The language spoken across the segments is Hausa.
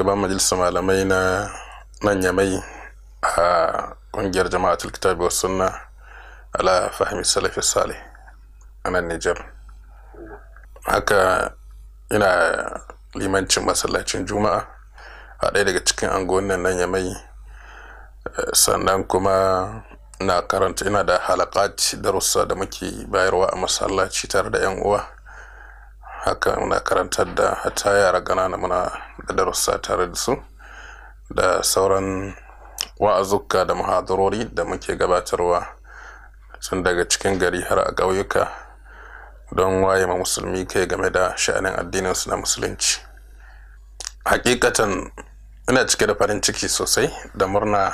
shugaban majalisar malamai na nan yamai a kungiyar jama'a tulkita biyar sunna ala fahimi salafi sale a nan nijar haka ina limancin masallacin juma'a a ɗaya daga cikin angonin nan yamai sannan kuma na karanta ina da halakaci darussa da muke bayarwa a masallaci tare da 'yan uwa haka muna karantar da hata yara ƙanana muna da darussa tare da su da sauran wa'azukka da mahadurori da muke gabatarwa sun daga cikin gari har a ƙauyuka don waye ma musulmi kai game da sha'anin addininsu na musulunci hakikatan ina cike da farin ciki sosai da murna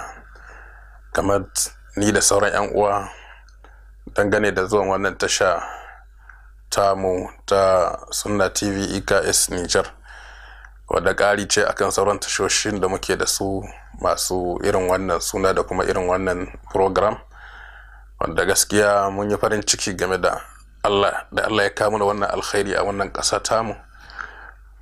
kamar ni da sauran 'yan uwa dangane da zuwan wannan tasha tamu ta sunna tv eks niger wadda ƙari ce akan sauran tashoshin da muke da su masu irin wannan suna da kuma irin wannan program wadda gaskiya mun yi farin ciki game da allah da allah ya kamu da wannan alkhairi a wannan ƙasa tamu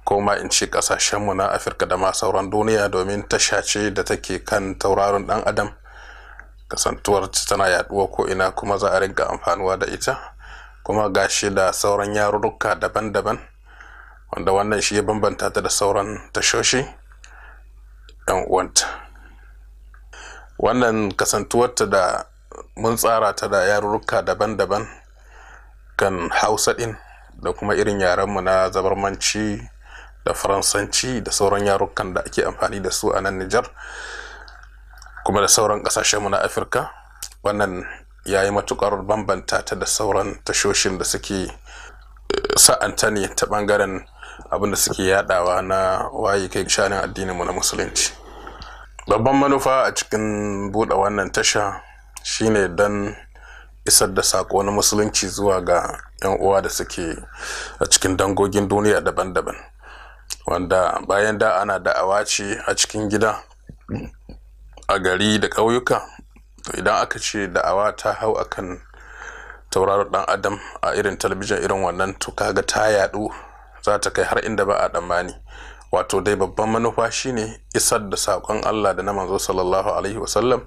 ko ma in ce ƙasashenmu na afirka da ma sauran duniya domin tasha ce da take kan tauraron ɗan adam kasantuwar tana yaɗuwa ko ina kuma za a rinka amfanuwa da ita kuma ga shi da sauran yarurruka daban-daban wanda wannan shi ya bambanta ta da sauran tashoshi yan uwanta wannan kasantuwarta da mun tsara ta da yarurruka daban-daban kan hausa din da kuma irin yarenmu na zabarmanci da faransanci da sauran yarukan da ake amfani da su a nan nijar kuma da sauran kasashenmu na afirka wannan ya yi matukar bambanta ta da sauran tashoshin da suke eh, sa'anta ne ta bangaren abin da suke yadawa na waye kai shanin addininmu na musulunci babban manufa a cikin buɗe wannan tasha shine don isar da sako na musulunci zuwa ga 'yan uwa da suke a cikin dangogin duniya daban-daban wanda bayan da ana da'awa ce a cikin gida a gari da ƙauyuka idan aka ce da'awa ta hau akan tauraron dan adam a irin talabijin irin wannan to kaga ta yadu za ta kai har inda ba a tsammani wato dai babban manufa shine isar da saƙon Allah da na manzo sallallahu alaihi wasallam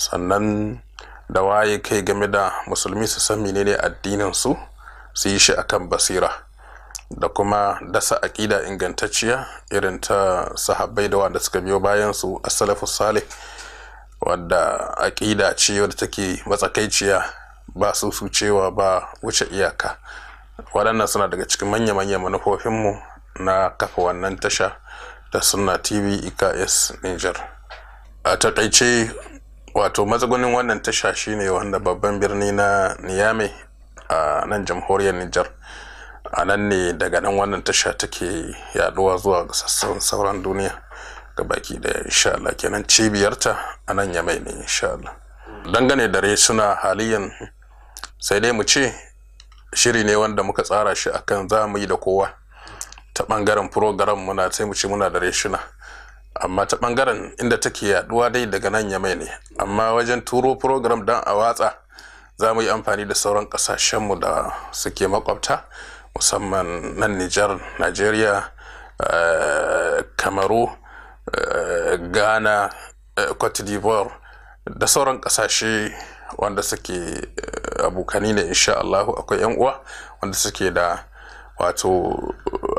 sannan da waye kai game da musulmi su san menene addinin su su yi shi akan basira da kuma dasa aƙida ingantacciya irin ta sahabbai da wanda suka biyo bayan su as-salafus salih wadda aƙida ce wadda take matsakaiciya ba su su cewa ba wuce iyaka waɗannan suna daga cikin manya-manyan manufofinmu na kafa wannan tasha da suna tv iks e niger a taƙaice wato matsagunin wannan tasha shine wanda babban birni na niyame a nan jamhuriyar niger a nan ne daga nan wannan tasha take yaɗuwa zuwa sassan sauran duniya ga baki insha Allah kenan cibiyarta a nan ya mai ne insha Allah dangane da resuna haliyan sai dai mu ce shiri ne wanda muka tsara shi akan za mu yi da kowa ta bangaren program muna sai mu ce muna da suna amma ta bangaren inda take yaduwa dai daga nan ya mai ne amma wajen turo program dan a watsa za mu yi amfani da sauran kasashenmu da suke makwabta musamman nan Nijar, Najeriya, eh, Kamaru, Eh, ghana eh, cote d'ivoire da sauran kasashe wanda suke eh, abokani ne insha Allahu akwai yan uwa wanda suke da wato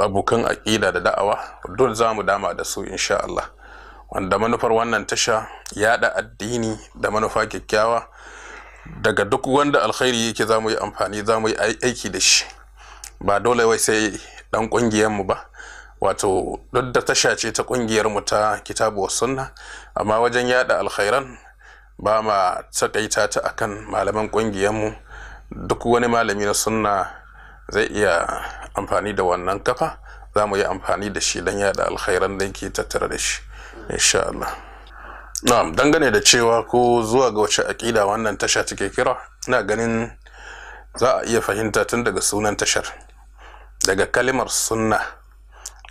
abokan aƙida da da'awa don za mu dama da su insha Allah wanda manufar wannan tasha yaɗa addini da manufa kyakkyawa daga duk wanda alkhairi yake za mu yi amfani za mu yi aiki da shi ba dole wai sai dan mu ba wato duk da tasha ce ta kungiyar mu ta kitabu sunna amma wajen yada alkhairan ba ma takaita ta akan malaman kungiyar mu duk wani malami na sunna zai iya amfani da wannan kafa za mu yi amfani da shi don yada alkhairan da yake tattara da shi insha Allah na'am dangane da cewa ko zuwa ga wace aƙida wannan tasha take kira ina ganin za a iya fahimta tun daga sunan tashar daga kalimar sunna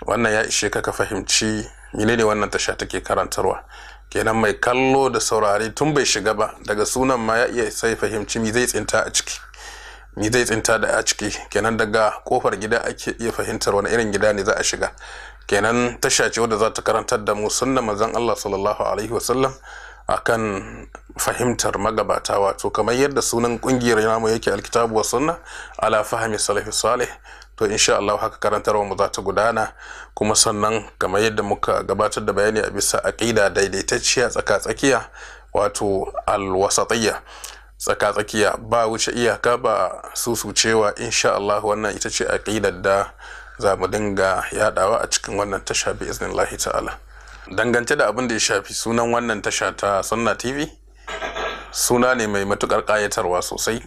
wannan ya ishe ka ka fahimci ne wannan tasha take karantarwa kenan mai kallo da saurare tun bai shiga ba daga sunan ma ya iya sai fahimci me zai tsinta a ciki me zai tsinta da a ciki kenan daga kofar gida ake iya fahimtar wani irin gida ne za a shiga kenan tasha ce wadda za ta karantar da mu sunna manzon Allah sallallahu alaihi wasallam akan fahimtar magabata wato kamar yadda sunan kungiyar namu yake alkitabu wa sunna ala fahimi salafi salih to insha Allah haka karantarwa mu za ta gudana kuma sannan kamar yadda muka gabatar da bayani a bisa aqida daidaitacciya tsaka-tsakiya wato alwasatiyya tsaka-tsakiya ba wuce iyaka ba susucewa insha Allah wannan ita ce aqidar da za mu dinga yadawa a cikin wannan tasha bi iznillahi ta'ala dangance da abin da ya shafi sunan wannan tasha ta sunna tv suna ne mai matukar kayatarwa sosai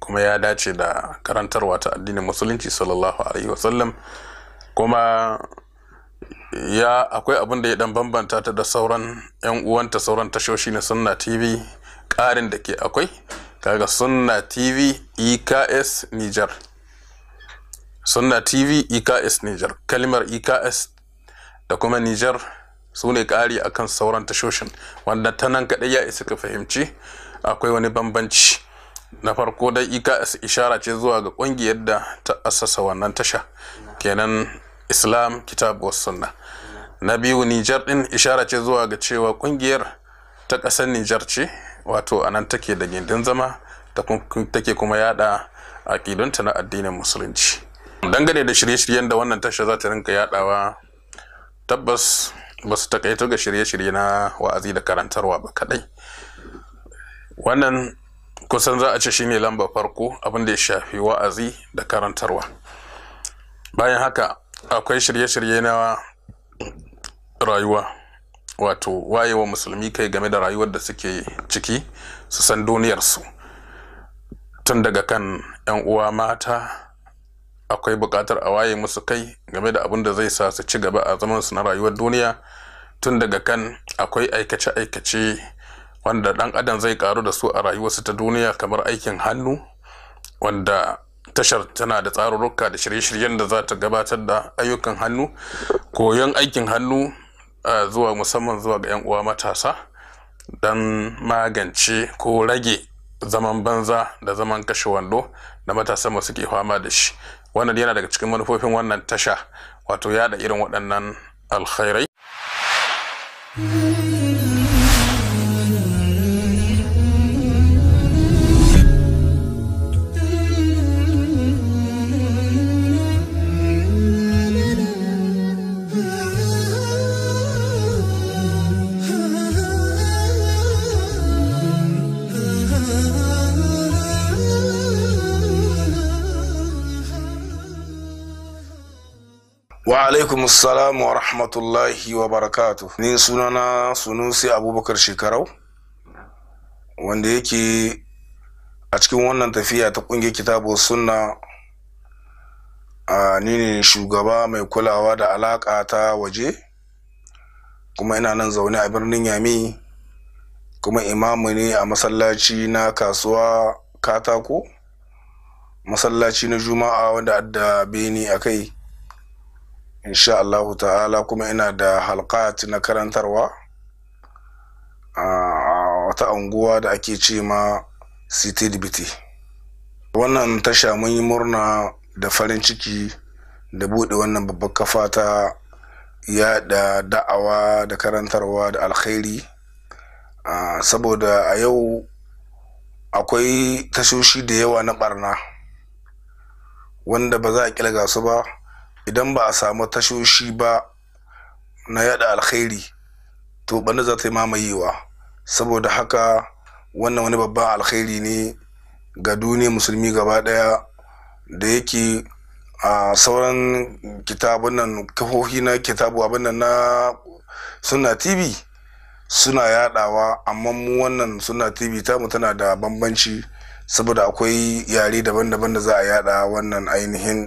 kuma ya dace da karantarwa ta addinin musulunci sallallahu alaihi wasallam kuma ya akwai abin da ya dan bambanta ta da sauran yan uwanta sauran tashoshi na sunna tv karin da ke akwai kaga sunna tv eks niger sunna tv eks niger kalimar eks da kuma niger su ne ƙari akan sauran tashoshin wanda ta nan kaɗai ya isa ka fahimci akwai wani bambanci na farko da ika ishara ce zuwa ga ƙungiyar da ta asasa wannan tasha kenan islam kitab wasu sunna na biyu nijar ɗin ishara ce zuwa ga cewa ƙungiyar ta ƙasar nijar ce wato a nan take da gindin zama take kuma yada a aƙidunta na addinin musulunci dangane da shirye-shiryen da wannan tasha za ta rinka yadawa tabbas ba su takaito ga shirye-shirye na wa'azi da karantarwa ba kadai wannan kusan za a ce shine lamba farko abin da ya shafi wa'azi da karantarwa bayan haka akwai shirye-shirye na rayuwa wato wayewa musulmi kai game da rayuwar da suke ciki su san duniyarsu tun daga kan 'yan uwa mata akwai buƙatar a waye musu kai game da abin da zai sa su ci gaba a zaman su na rayuwar duniya tun daga kan akwai aikace-aikace wanda ɗan adam zai karu da su a rayuwarsu ta duniya kamar aikin hannu wanda tashar tana da tsarurruka da shirye-shiryen da za ta gabatar da ayyukan hannu koyon aikin hannu zuwa musamman zuwa ga 'yan uwa matasa don magance ko rage zaman banza da zaman kashe wando da matasa masu ke fama da shi wannan yana daga cikin manufofin wannan tasha wato yada irin waɗannan alkhairai wa alaikum salamu wa rahmatullahi wa barakatu ni sunana sunusi abubakar shekarau wanda yake a cikin wannan tafiya ta kungiyar kitabu sunna a ni ne shugaba mai kulawa da alaka ta waje kuma ina nan zaune a birnin yami kuma imamu ne a masallaci na kasuwa katako masallaci na juma'a wanda adda beni a kai insha Allah ta'ala kuma ina da halkat na karantarwa a wata unguwa da ake ce ma city dbt wannan tasha mun yi murna da farin ciki da buɗe wannan babbar kafa ta yada da'awa da karantarwa da alkhairi saboda a yau akwai tashoshi da yawa na barna wanda ba za a kilga su ba idan ba a samu tashoshi ba na yada alkhairi to bana za ta yi mamayewa saboda haka wannan wani babban alkhairi ne ga duniya musulmi gaba daya da yake a sauran kitabun nan kafofi na kitabu abin nan na suna tv suna yadawa amma mu wannan suna tv tamu tana da bambanci saboda akwai yare daban-daban da za a yada wannan ainihin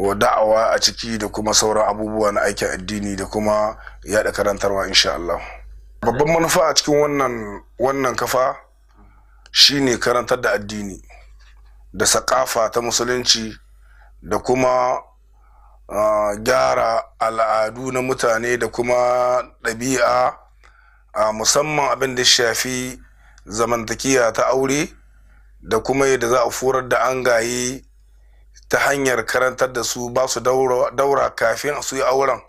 wa da'awa a ciki da kuma sauran abubuwa na aikin addini da kuma yaɗa karantarwa insha Allah babban manufa a cikin wannan wannan kafa shine karantar da addini da sakafa ta musulunci da kuma gyara al'adu na mutane da kuma ɗabi'a a musamman abin da shafi zamantakiya ta aure da kuma yadda za a furar da an gaye ta hanyar karantar da su ba su daura kafin su yi auren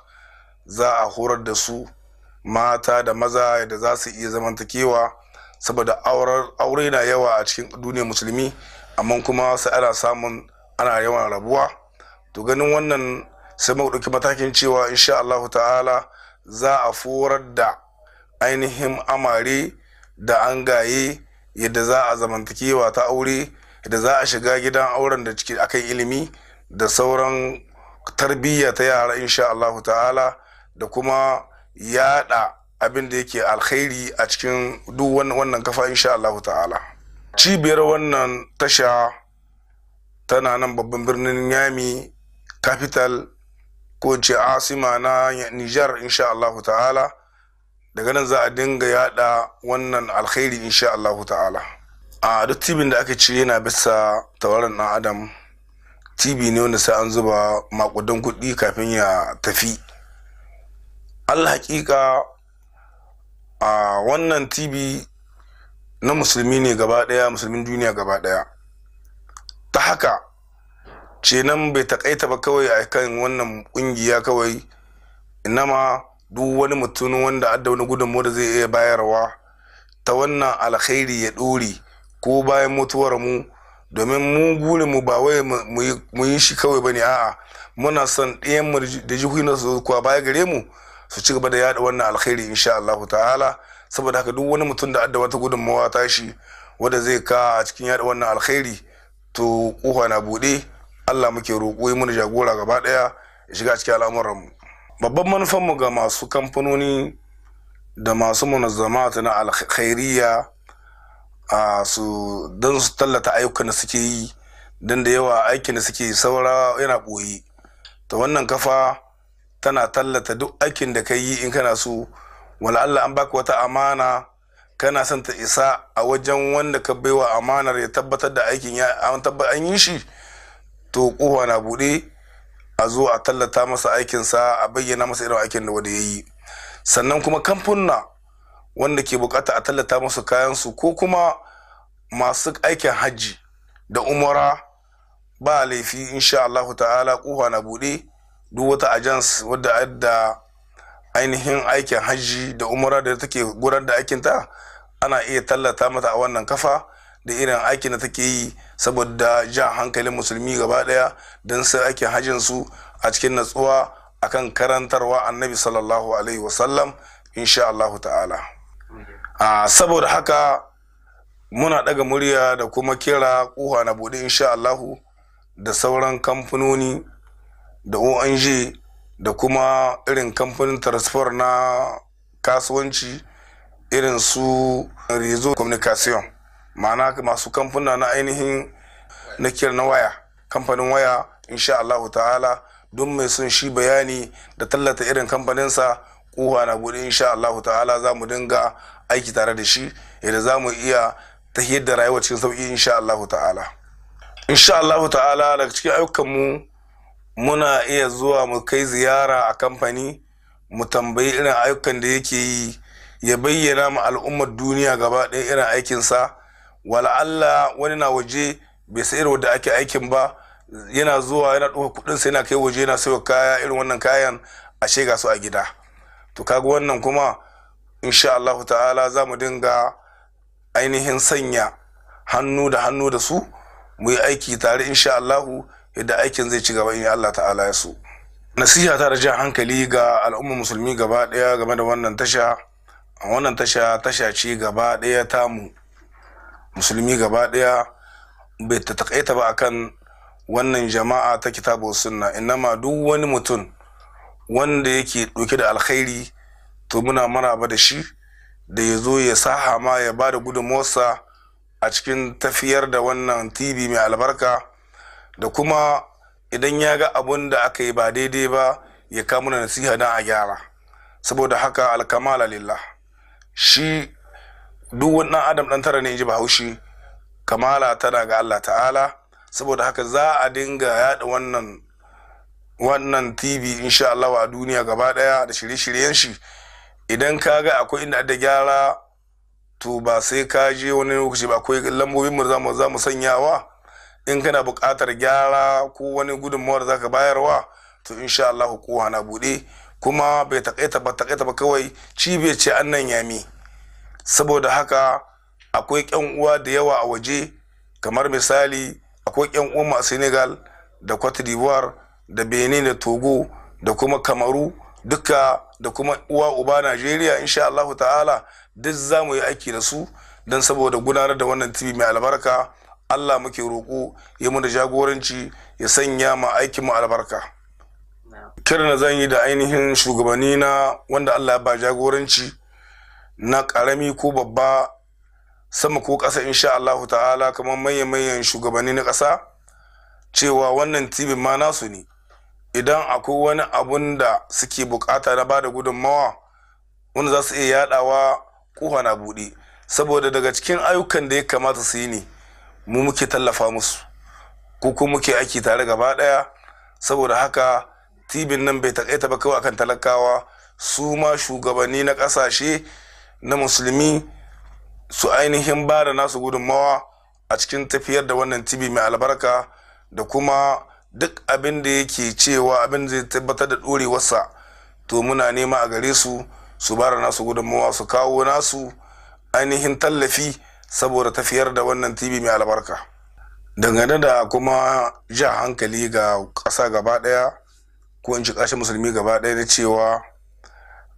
za a horar da su mata da maza da za su iya zamantakewa saboda aure na yawa a cikin duniyar musulmi amma kuma sai ana samun ana yawan rabuwa to ganin wannan sai mu ɗauki matakin cewa insha Allahu ta'ala za a forar da ainihin amare da an gaye yadda za a zamantakewa ta aure da za a shiga gidan auren da ciki akan ilimi da sauran tarbiyya ta yara insha Allah ta'ala da kuma yada abin da yake alkhairi a cikin duk wannan kafa insha Allah ta'ala cibiyar wannan tasha tana nan babban birnin yami capital ko ce asima na nijar insha Allah ta'ala daga nan za a dinga yada wannan alkhairi insha Allah ta'ala a duk tibin da aka ce yana bisa tauraron dan adam tibi ne wanda sai an zuba makudan kuɗi kafin ya tafi alhaƙiƙa a wannan tibi na musulmi ne gaba ɗaya musulmin duniya gaba ɗaya ta haka ce nan bai takaita ba kawai a kan wannan ƙungiya kawai inama duk wani mutum wanda adda wani gudunmu da zai iya bayarwa ta wannan alkhairi ya ɗore ko bayan mutuwar mu domin mu gure mu ba wai mu yi shi kawai bane a'a muna son ɗayan mu da jihunan su kuwa baya gare mu su ci gaba da yada wannan alkhairi insha Allah ta'ala saboda haka duk wani mutum da adda wata gudunmawa ta shi wanda zai ka a cikin yada wannan alkhairi to kofa na bude Allah muke roƙo yi mana jagora gaba daya ya shiga cikin al'amuran mu babban manufan mu ga masu kamfanoni da masu munazzamata na alkhairiya su don su tallata ayyukan da suke yi don da yawa aikin da suke saura yana ɓoye ta wannan kafa tana tallata duk aikin da ka yi in kana so wala Allah an baka wata amana kana son ta isa a wajen wanda ka baiwa amanar ya tabbatar da aikin ya an an yi shi to kowa na buɗe a zo a tallata masa aikinsa a bayyana masa irin aikin da wanda ya yi sannan kuma kamfuna wanda ke bukata a tallata musu kayansu ko kuma masu aikin hajji da umara ba laifi insha Allah ta'ala kuwa na bude duk wata ajans wadda adda ainihin aikin hajji da umara da take gurar da aikinta ana iya tallata mata a wannan kafa da irin aikin da take yi saboda jan hankalin musulmi gaba daya don sai aikin hajjin su a cikin natsuwa akan karantarwa annabi sallallahu alaihi wasallam insha Allah ta'ala a saboda haka muna daga murya da kuma kira kuha na bude insha Allahu da sauran kamfanoni da ONG da kuma irin kamfanin transfer na kasuwanci irin su rezo communication ma'ana masu kamfuna na ainihin na kira na waya kamfanin waya insha Allahu ta'ala don mai sun shi bayani da tallata irin kamfaninsa kuwa na bude insha Allahu ta'ala za mu dinga aiki tare da shi yadda za mu iya tahiyar da rayuwa cikin sauƙi insha Allahu ta'ala insha Allahu ta'ala daga cikin ayyukan mu muna iya zuwa mu kai ziyara a kamfani mu tambayi irin ayyukan da yake yi ya bayyana ma al'ummar duniya gaba ɗaya irin aikinsa Wala allah wani na waje bai sayar wadda ake aikin ba yana zuwa yana ɗauka kuɗin sai yana kai waje yana sayo kaya irin wannan kayan a ga su a gida to kaga wannan kuma insha Allah ta'ala za mu dinga ainihin sanya hannu da hannu da su mu yi aiki tare insha Allahu yadda aikin zai ci gaba in Allah ta'ala ya so nasiha ta da jan hankali ga al'ummar musulmi gaba daya game da wannan tasha wannan tasha tasha ce gaba daya tamu musulmi gaba daya bai ta takaita ba akan wannan jama'a ta kitabu sunna inama duk wani mutum wanda yake ɗauke da alkhairi to muna ba da shi da ya zo ya saha ma ya ba da gudunmuwarsa a cikin tafiyar da wannan tv mai albarka da kuma idan ya ga abun da aka yi ba daidai ba ya kamu na nasiha don a gyara saboda haka alkamala lillah shi duk wani adam ɗan tara ne ji bahaushe kamala tana ga allah ta'ala saboda haka za a dinga yaɗa wannan wannan tv insha Allah a duniya gaba daya da shirye-shiryen shi idan ka ga akwai inda da gyara to ba sai ka je wani lokaci ba akwai lambobin mu za mu sanyawa in kana buƙatar gyara ko wani gudunmawar zaka bayarwa to insha Allah ko na bude kuma bai takaita ba takaita ba kawai cibiyar ce annan yami saboda haka akwai ƴan uwa da yawa a waje kamar misali akwai ƴan uwa a Senegal da Cote d'Ivoire da Benin da Togo da kuma Kamaru duka da kuma uwa uba najeriya insha allahu ta'ala duk za mu yi aiki da su don saboda gudanar da wannan tv mai albarka allah muke roƙo ya mu da jagoranci ya sanya ma aikin mu albarka kiran na zan yi da ainihin shugabanni na wanda allah ya ba jagoranci na karami ko babba sama ko ƙasa insha allahu ta'ala kamar manyan manyan shugabanni na ƙasa cewa wannan tv ma nasu ne idan akwai wani abun da suke bukata na bada gudunmawa wanda za su iya yadawa kuha na buɗe saboda daga cikin ayyukan da ya kamata su yi ne mu muke tallafa musu ko kuma muke aiki tare gaba ɗaya saboda haka tibin nan bai takaita ba kawai akan talakawa su ma shugabanni na ƙasashe na musulmi su ainihin ba da nasu gudunmawa a cikin tafiyar da wannan tibi mai albarka da kuma duk abin da yake cewa abin zai tabbatar da ɗorewarsa to muna nema a gare su su bara nasu gudunmawa su kawo nasu ainihin tallafi saboda tafiyar da wannan tv mai albarka dangane da kuma ja hankali ga ƙasa gaba ɗaya ko in ci ƙashin musulmi gaba ɗaya na cewa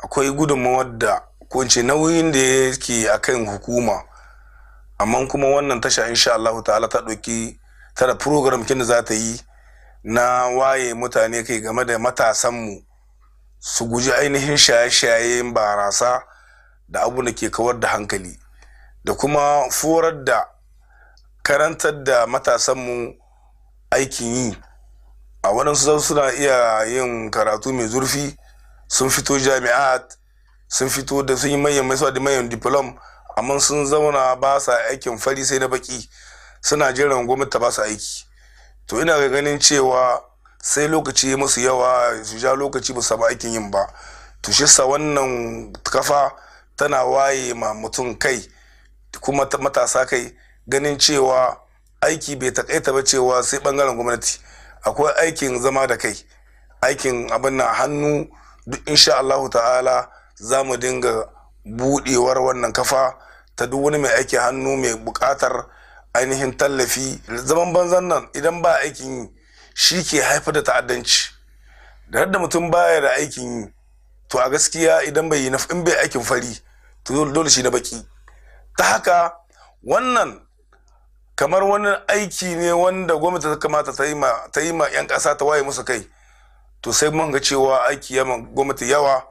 akwai gudunmawar da ko in ce nauyin da yake akan hukuma amma kuma wannan tasha insha Allah ta'ala ta ɗauki tara program kin da za ta yi na waye mutane kai game da matasanmu su guji ainihin shaye-shayen barasa da abu da ke kawar da hankali da kuma forar da karantar da matasanmu aikin yi a waɗansu suna iya yin karatu mai zurfi sun fito jami'at sun fito da sun yi manyan mai da manyan diplom amma sun zauna ba sa aikin fari sai na baki suna jiran gwamnati ba su aiki to ina ga ganin cewa sai lokaci masu yawa su ja lokaci ba samu aikin yin ba to sa wannan kafa tana waye ma mutum kai kuma matasa kai ganin cewa aiki bai takaita ba cewa sai bangaren gwamnati akwai aikin zama da kai aikin abin na hannu duk insha Allahu ta'ala za mu dinga buɗewar wannan kafa ta duk wani mai aiki hannu mai bukatar ainihin tallafi zaman banzan nan idan ba aikin yi shi ke haifar da ta'addanci da yadda mutum baya da aikin yi to a gaskiya idan bai in bai aikin fari to dole shi na baki ta haka wannan kamar wani aiki ne wanda gwamnati ta kamata ta yi ma 'yan kasa ta waye musu kai to sai mun ga cewa aiki ya ma gwamnati yawa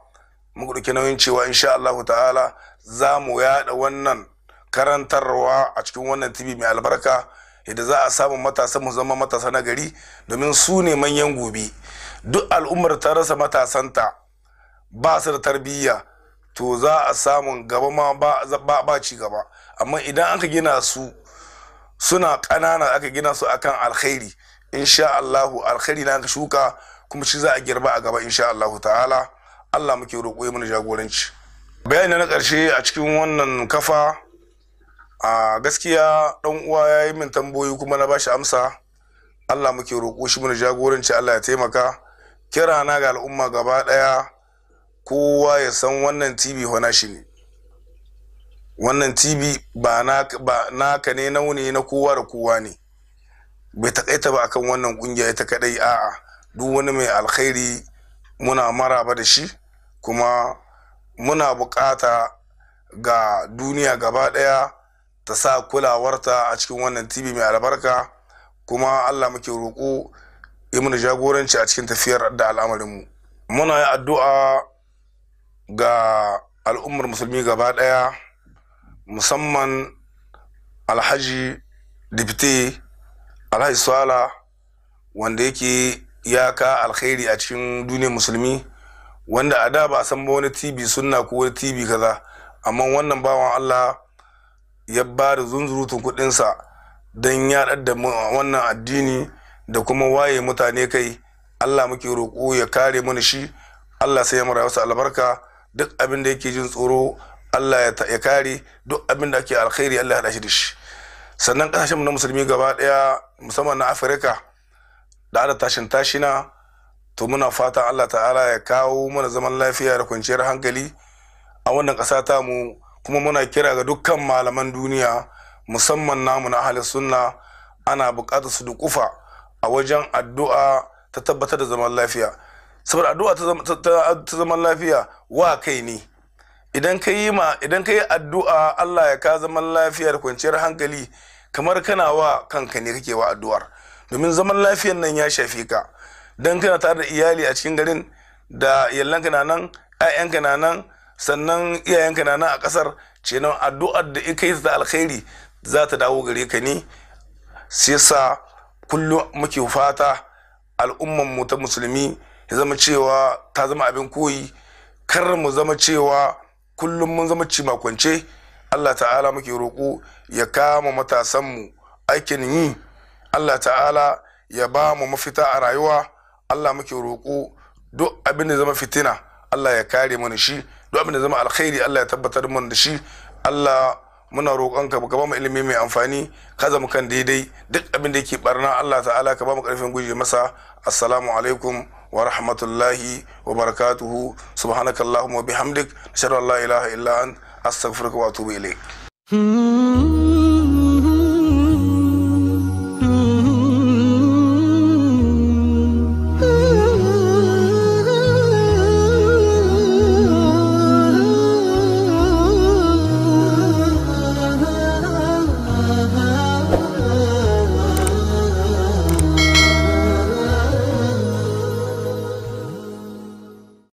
muka ɗauki nauyin cewa insha Allah ta'ala za mu yaɗa wannan karantarwa a cikin wannan tv mai albarka yadda za a samu matasa mu zama matasa na gari domin su ne manyan gobe duk al'ummar ta rasa matasanta ba su da tarbiyya to za a samu gaba ma ba, ba ci gaba amma idan aka gina su suna ƙanana aka gina su akan alkhairi insha Allah alkhairi na shuka kuma shi za a girba a gaba insha Allah ta'ala Allah muke roƙo mana jagoranci bayani na ƙarshe a cikin wannan kafa a gaskiya dan uwa ya yi min tambayoyi kuma na bashi amsa Allah muke roƙo shi mana jagoranci Allah ya taimaka kira na ga al'umma gaba ɗaya kowa ya san wannan TV hona shi ne wannan TV ba naka ne na wuni na kowa da kowa ne bai takaita ba akan wannan kungiya ita kadai a'a duk wani mai alkhairi muna mara ba da shi kuma muna bukata ga duniya gaba ɗaya ta sa kulawarta a cikin wannan tv mai albarka kuma allah muke roƙo yi mana jagoranci a cikin tafiyar da al'amarinmu muna yi addu'a ga al'ummar musulmi gaba ɗaya musamman alhaji dibte alhaji suwala wanda yake ya ka alkhairi a cikin duniyar musulmi wanda a da ba a san ba wani tv sunna ko wani tv kaza amma wannan bawan allah ya ba da zunzurutun kuɗinsa don yaɗar da wannan addini da kuma waye mutane kai allah muke roƙo ya kare mana shi allah sai ya mara wasu albarka duk abin da yake jin tsoro allah ya kare duk abin da ake alkhairi allah ya haɗa shi da shi sannan ƙasashen na musulmi gaba ɗaya musamman na afirka da ada tashin tashina to muna fatan allah ta'ala ya kawo mana zaman lafiya da kwanciyar hankali a wannan ƙasa ta mu kuma muna kira ga dukkan malaman duniya musamman namu na ahli sunna ana buƙatar su dukufa a wajen addu'a ta tabbatar da zaman lafiya saboda addu'a ta zaman lafiya wa kai ne idan ka yi ma idan ka yi addu'a Allah ya ka zaman lafiya da kwanciyar hankali kamar kana wa kanka ne kake wa addu'ar domin zaman lafiyan nan ya shafi ka dan kana tare da iyali a cikin garin da yallanka na nan 'ya'yanka na nan sannan iyayenka na nan a ƙasar ce nan addu'ar da ika yi da alkhairi za ta dawo gare ka ne sai sa kullum muke fata al'umman mu ta musulmi ya zama cewa ta zama abin koyi kar mu zama cewa kullum mun zama makwance Allah ta'ala muke roƙo ya kama matasan mu aikin yi Allah ta'ala ya ba mu mafita a rayuwa Allah muke roƙo duk abin da zama fitina Allah ya kare mana shi duk abin da zama alkhairi Allah ya tabbatar mun da shi Allah muna roƙonka ka ba mu ilimi mai amfani ka zama kan daidai duk abin da yake barna Allah ta'ala ka ba mu karfin guje masa assalamu alaikum wa rahmatullahi wa barakatuhu subhanakallahumma wa bihamdik nashhadu an la ilaha illa ant astaghfiruka wa atubu ilayk hmm.